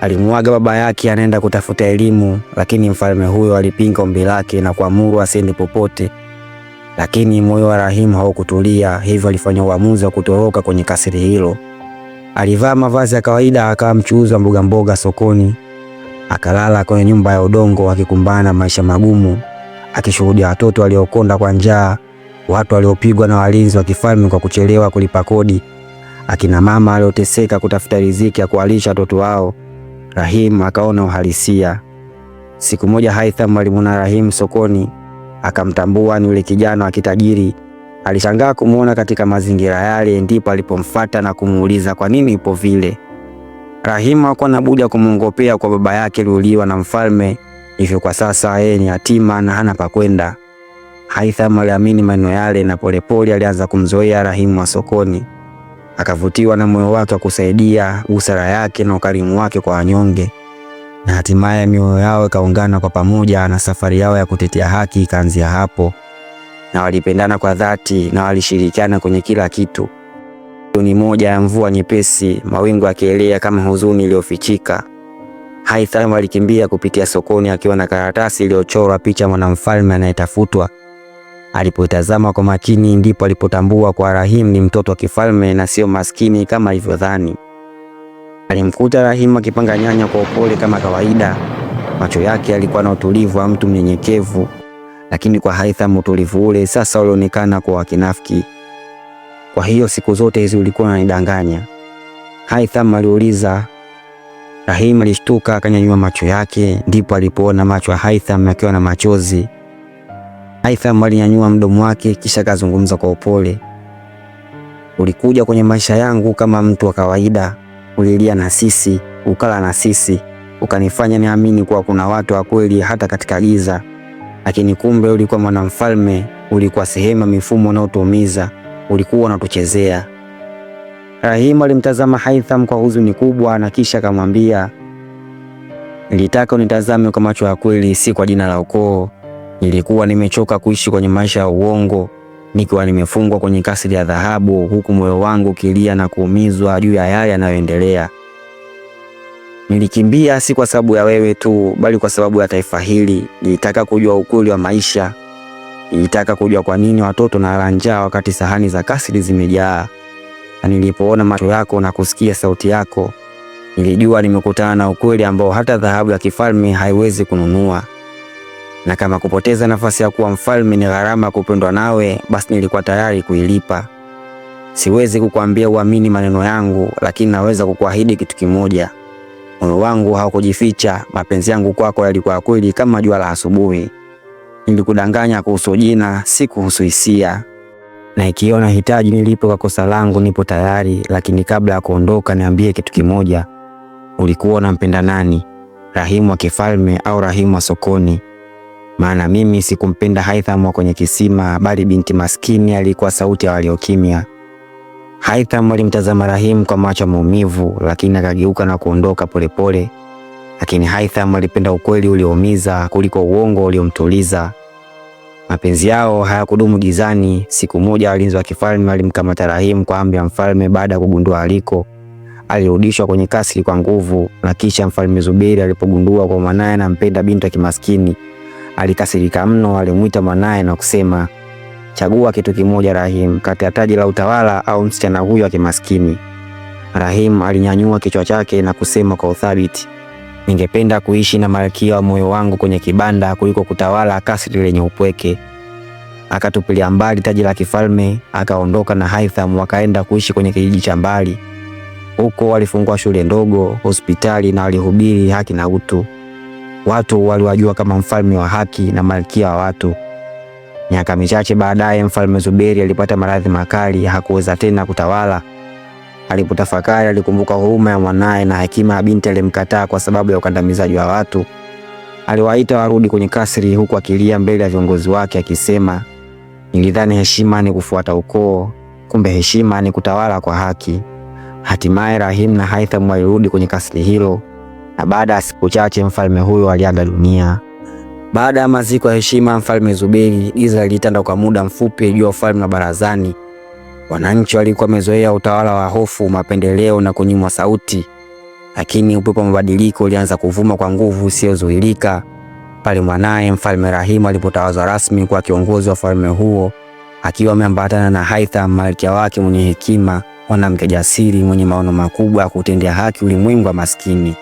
Alimuaga baba yake anaenda kutafuta elimu, lakini mfalme huyo alipinga ombi lake na kuamuru asiende popote. Lakini moyo wa Rahimu haukutulia, hivyo alifanya uamuzi wa kutoroka kwenye kasiri hilo. Alivaa mavazi ya kawaida, akawa mchuuzi wa mbogamboga sokoni, akalala kwenye nyumba ya udongo, akikumbana maisha magumu, akishuhudia watoto waliokonda kwa njaa, watu waliopigwa na walinzi wa kifalme kwa kuchelewa kulipa kodi, akina mama walioteseka kutafuta riziki ya kuwalisha watoto wao. Rahim akaona uhalisia. Siku moja Haitham alimuona Rahim sokoni, akamtambua ni yule kijana wa kitajiri. Alishangaa kumuona katika mazingira yale, ndipo alipomfata na kumuuliza kwa nini ipo vile. Rahim hakuwa na budi ya kumwongopea kwa baba yake aliuliwa na mfalme, hivyo kwa sasa yeye ni yatima na hana pa kwenda. Haitham aliamini maneno yale na polepole alianza kumzoea Rahimu wa sokoni akavutiwa na moyo wake wa kusaidia, busara yake na ukarimu wake kwa wanyonge, na hatimaye mioyo yao ikaungana kwa pamoja na safari yao ya kutetea haki ikaanzia hapo, na walipendana kwa dhati na walishirikiana kwenye kila kitu. Ni moja ya mvua nyepesi, mawingu yakielea kama huzuni iliyofichika, Haitham alikimbia kupitia sokoni akiwa na karatasi iliyochorwa picha mwanamfalme anayetafutwa Alipotazama kwa makini ndipo alipotambua kwa Rahim ni mtoto wa kifalme na sio maskini kama alivyodhani. Alimkuta Rahim akipanga nyanya kwa upole kama kawaida. Macho yake yalikuwa na utulivu wa mtu mnyenyekevu, lakini kwa Haitham utulivu ule sasa ulionekana kwa wakinafiki. Kwa hiyo siku zote hizi ulikuwa unanidanganya? Haitham aliuliza. Rahim alishtuka akanyanyua macho yake, ndipo alipoona macho ya Haitham yakiwa na machozi. Haitham alinyanyua mdomo wake kisha akazungumza kwa upole. Ulikuja kwenye maisha yangu kama mtu wa kawaida, ulilia na sisi, ukala na sisi, ukanifanya niamini kuwa kuna watu wa kweli hata katika giza. Lakini kumbe ulikuwa mwanamfalme, ulikuwa sehemu ya mifumo unaotuumiza, ulikuwa unatuchezea. Rahim alimtazama Haitham kwa huzuni kubwa na kisha akamwambia, nilitaka unitazame kwa macho ya kweli, si kwa jina la ukoo Nilikuwa nimechoka kuishi kwenye maisha ya uongo, nikiwa nimefungwa kwenye kasri ya dhahabu, huku moyo wangu kilia na kuumizwa juu ya yale yanayoendelea. Nilikimbia si kwa sababu ya wewe tu, bali kwa sababu ya taifa hili. Nilitaka kujua ukweli wa maisha, nilitaka kujua kwa nini watoto na njaa wakati sahani za kasri zimejaa. Na nilipoona macho yako na kusikia sauti yako, nilijua nimekutana na ukweli ambao hata dhahabu ya kifalme haiwezi kununua na kama kupoteza nafasi ya kuwa mfalme ni gharama ya kupendwa nawe, basi nilikuwa tayari kuilipa. Siwezi kukuambia uamini maneno yangu, lakini naweza kukuahidi kitu kimoja: moyo wangu haukujificha. Mapenzi yangu kwako yalikuwa kweli kama jua la asubuhi. Nilikudanganya kuhusu jina, si kuhusu hisia. Na ikiona hitaji nilipe kwa kosa langu, nipo tayari. Lakini kabla ya kuondoka, niambie kitu kimoja: ulikuwa unampenda nani, Rahimu wa kifalme au Rahimu wa sokoni? maana mimi sikumpenda Haitham wa kwenye kisima, bali binti maskini alikuwa sauti ya waliokimya. Haitham alimtazama Rahim kwa macho maumivu, lakini akageuka na kuondoka polepole. Lakini Haitham alipenda ukweli ulioumiza kuliko uongo uliomtuliza. Mapenzi yao hayakudumu gizani. Siku moja walinzi wa kifalme walimkamata Rahim kwa amri ya mfalme. Baada ya kugundua aliko, alirudishwa kwenye kasri kwa nguvu, na kisha mfalme Zubiri alipogundua kwa mwanaye anampenda binti ya kimaskini Alikasirika mno, alimwita mwanaye na kusema, chagua kitu kimoja Rahim, kati ya taji la utawala au msichana huyo wa kimaskini. Rahim alinyanyua kichwa chake na kusema kwa uthabiti, ningependa kuishi na malkia wa moyo wangu kwenye kibanda kuliko kutawala kasri lenye upweke. Akatupilia mbali taji la kifalme, akaondoka na Haitham wakaenda kuishi kwenye kijiji cha mbali. Huko walifungua shule ndogo, hospitali na walihubiri haki na utu watu waliwajua kama mfalme wa haki na malkia wa watu. Miaka michache baadaye, mfalme Zuberi alipata maradhi makali, hakuweza tena kutawala. Alipotafakari alikumbuka huruma ya mwanaye na hekima ya binti aliyemkataa kwa sababu ya ukandamizaji wa watu. Aliwaita warudi kwenye kasri, huku akilia mbele ya viongozi wake akisema, nilidhani heshima ni kufuata ukoo, kumbe heshima ni kutawala kwa haki. Hatimaye Rahim na Haitham walirudi kwenye kasri hilo na baada ya siku chache mfalme huyo aliaga dunia. Baada ya maziko ya heshima mfalme Zuberi, giza lilitanda kwa muda mfupi juu ya ufalme wa Barazani. Wananchi walikuwa wamezoea utawala wa hofu, mapendeleo na kunyimwa sauti, lakini upepo wa mabadiliko ulianza kuvuma kwa nguvu isiyozuilika pale mwanaye mfalme Rahimu alipotawazwa rasmi kwa kiongozi wa ufalme huo akiwa ameambatana na Haitham, malkia wake mwenye hekima, mwanamke jasiri mwenye maono makubwa ya kutendea haki ulimwengu wa maskini.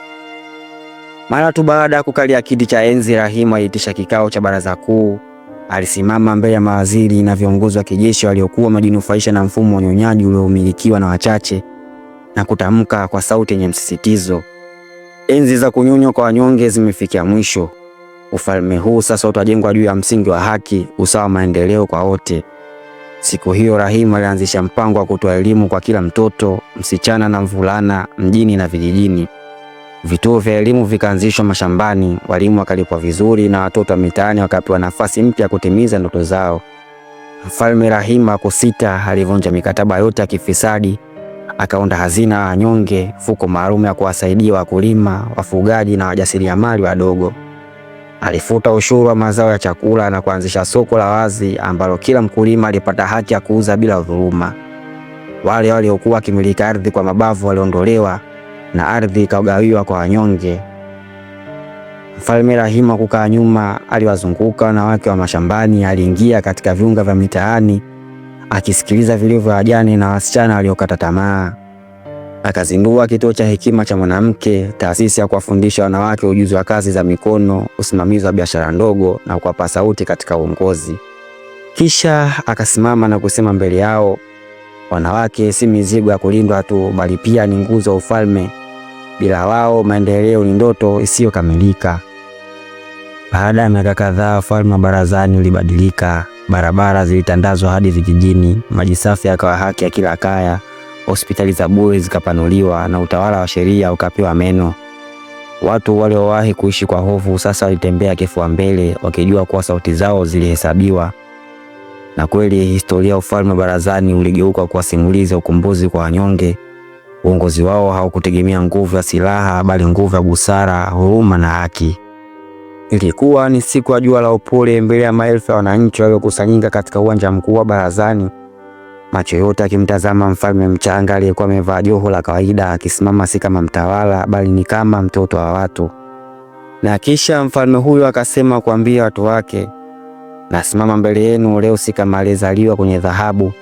Mara tu baada ya kukalia kiti cha enzi, Rahimu aliitisha kikao cha baraza kuu. Alisimama mbele ya mawaziri na viongozi wa kijeshi waliokuwa wamejinufaisha na mfumo wa unyonyaji uliomilikiwa na wachache na kutamka kwa sauti yenye msisitizo, enzi za kunyonywa kwa wanyonge zimefikia mwisho. Ufalme huu sasa utajengwa juu ya msingi wa haki, usawa, maendeleo kwa wote. Siku hiyo Rahimu alianzisha mpango wa kutoa elimu kwa kila mtoto, msichana na mvulana, mjini na vijijini. Vituo vya elimu vikaanzishwa mashambani, walimu wakalipwa vizuri na watoto wa mitaani wakapewa nafasi mpya ya kutimiza ndoto zao. Mfalme Rahima kusita, alivunja mikataba yote ya kifisadi, akaunda hazina ya wanyonge, fuko maalum ya kuwasaidia wakulima, wafugaji na wajasiriamali wadogo. Alifuta ushuru wa mazao ya chakula na kuanzisha soko la wazi ambalo kila mkulima alipata haki ya kuuza bila dhuluma. Wale waliokuwa wakimiliki ardhi kwa mabavu waliondolewa na ardhi ikagawiwa kwa wanyonge. Mfalme Rahima kukaa nyuma, aliwazunguka wanawake wa mashambani, aliingia katika viunga vya mitaani akisikiliza vilio vya wajane na wasichana waliokata tamaa. Akazindua kituo cha hekima cha mwanamke, taasisi ya kuwafundisha wanawake ujuzi wa kazi za mikono, usimamizi wa biashara ndogo na kuwapa sauti katika uongozi. Kisha akasimama na kusema mbele yao, wanawake si mizigo ya kulindwa tu, bali pia ni nguzo ya ufalme. Bila wao maendeleo ni ndoto isiyokamilika. Baada ya miaka kadhaa, ufalme wa barazani ulibadilika. Barabara zilitandazwa hadi vijijini, maji safi yakawa haki ya kila kaya, hospitali za bure zikapanuliwa, na utawala wa sheria ukapewa meno. Watu waliowahi kuishi kwa hofu sasa walitembea kifua mbele, wakijua kuwa sauti zao zilihesabiwa. Na kweli historia ya ufalme wa barazani uligeuka kuwa simulizi ya ukombozi kwa wanyonge. Uongozi wao haukutegemea nguvu ya silaha, bali nguvu ya busara, huruma na haki. Ilikuwa ni siku ya jua la upole, mbele ya maelfu ya wananchi waliokusanyika katika uwanja mkuu wa Barazani, macho yote akimtazama mfalme mchanga aliyekuwa amevaa joho la kawaida, akisimama si kama mtawala, bali ni kama mtoto wa watu. Na kisha mfalme huyo akasema kuambia watu wake, nasimama mbele yenu leo si kama aliyezaliwa kwenye dhahabu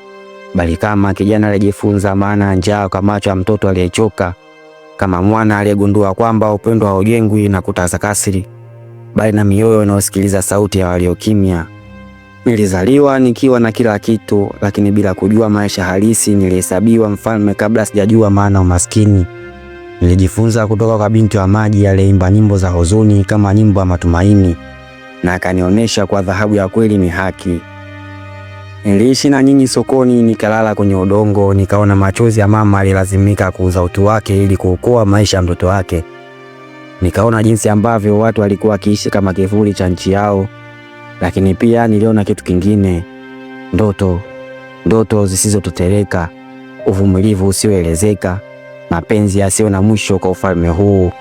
bali kama kijana aliyejifunza maana ya njaa kwa macho ya mtoto aliyechoka, kama mwana aliyegundua kwamba upendo haujengwi na kuta za kasri, bali na mioyo inayosikiliza sauti ya waliokimya. Nilizaliwa nikiwa na kila kitu, lakini bila kujua maisha halisi. Nilihesabiwa mfalme kabla sijajua maana umaskini. Nilijifunza kutoka kwa binti wa maji aliyeimba nyimbo za huzuni kama nyimbo ya matumaini, na akanionyesha kwa dhahabu ya kweli ni haki. Niliishi na nyinyi sokoni, nikalala kwenye udongo, nikaona machozi ya mama alilazimika kuuza utu wake ili kuokoa maisha ya mtoto wake. Nikaona jinsi ambavyo watu walikuwa wakiishi kama kivuli cha nchi yao, lakini pia niliona kitu kingine, ndoto, ndoto zisizototeleka, uvumilivu usioelezeka, mapenzi yasiyo na mwisho kwa ufalme huu.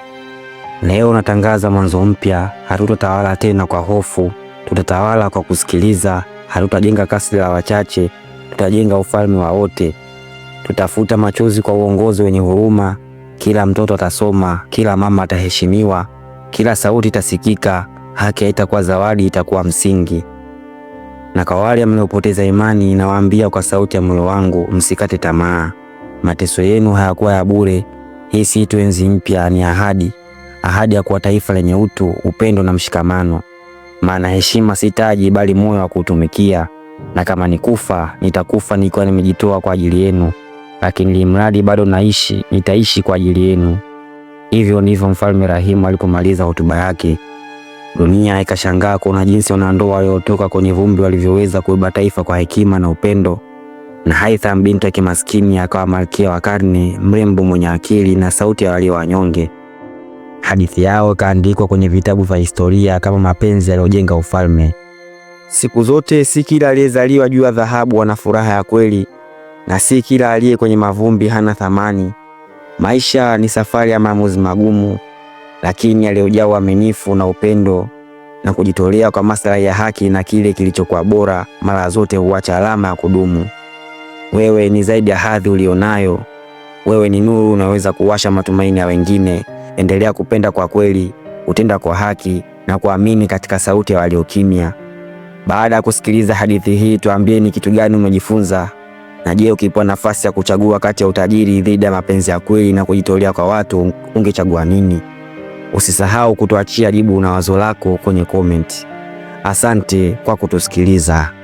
Leo natangaza mwanzo mpya. Hatutatawala tena kwa hofu, tutatawala kwa kusikiliza hatutajenga kasri la wachache, tutajenga ufalme wa wote. Tutafuta machozi kwa uongozi wenye huruma. Kila mtoto atasoma, kila mama ataheshimiwa, kila sauti itasikika. Haki haitakuwa zawadi, itakuwa msingi. Na kwa wale mliopoteza imani, nawaambia kwa sauti ya moyo wangu, msikate tamaa. Mateso yenu hayakuwa ya bure. Hii si tu enzi mpya, ni ahadi, ahadi ya kuwa taifa lenye utu, upendo na mshikamano maana heshima sitaji bali moyo wa kuutumikia, na kama nikufa, nitakufa nikiwa nimejitoa kwa ajili yenu, lakini limradi bado naishi, nitaishi kwa ajili yenu. Hivyo ndivyo Mfalme Rahimu alipomaliza hotuba yake. Dunia ikashangaa kuona jinsi wanandoa waliotoka kwenye vumbi walivyoweza kubeba taifa kwa hekima na upendo. Na Haitham binti ya kimaskini akawa malkia wa karne, mrembo mwenye akili na sauti ya walio wanyonge. Hadithi yao ikaandikwa kwenye vitabu vya historia kama mapenzi yaliyojenga ufalme. Siku zote si kila aliyezaliwa juu ya dhahabu ana furaha ya kweli, na si kila aliye kwenye mavumbi hana thamani. Maisha ni safari ya maamuzi magumu, lakini yaliyojaa uaminifu na upendo na kujitolea kwa maslahi ya haki na kile kilichokuwa bora, mara zote huacha alama ya kudumu. Wewe ni zaidi ya hadhi ulionayo. Wewe ni nuru unaweza kuwasha matumaini ya wengine endelea kupenda kwa kweli, kutenda kwa haki na kuamini katika sauti ya waliokimya. Baada ya kusikiliza hadithi hii, tuambie ni kitu gani umejifunza, na je, ukipewa nafasi ya kuchagua kati ya utajiri dhidi ya mapenzi ya kweli na kujitolea kwa watu, ungechagua nini? Usisahau kutuachia jibu na wazo lako kwenye komenti. Asante kwa kutusikiliza.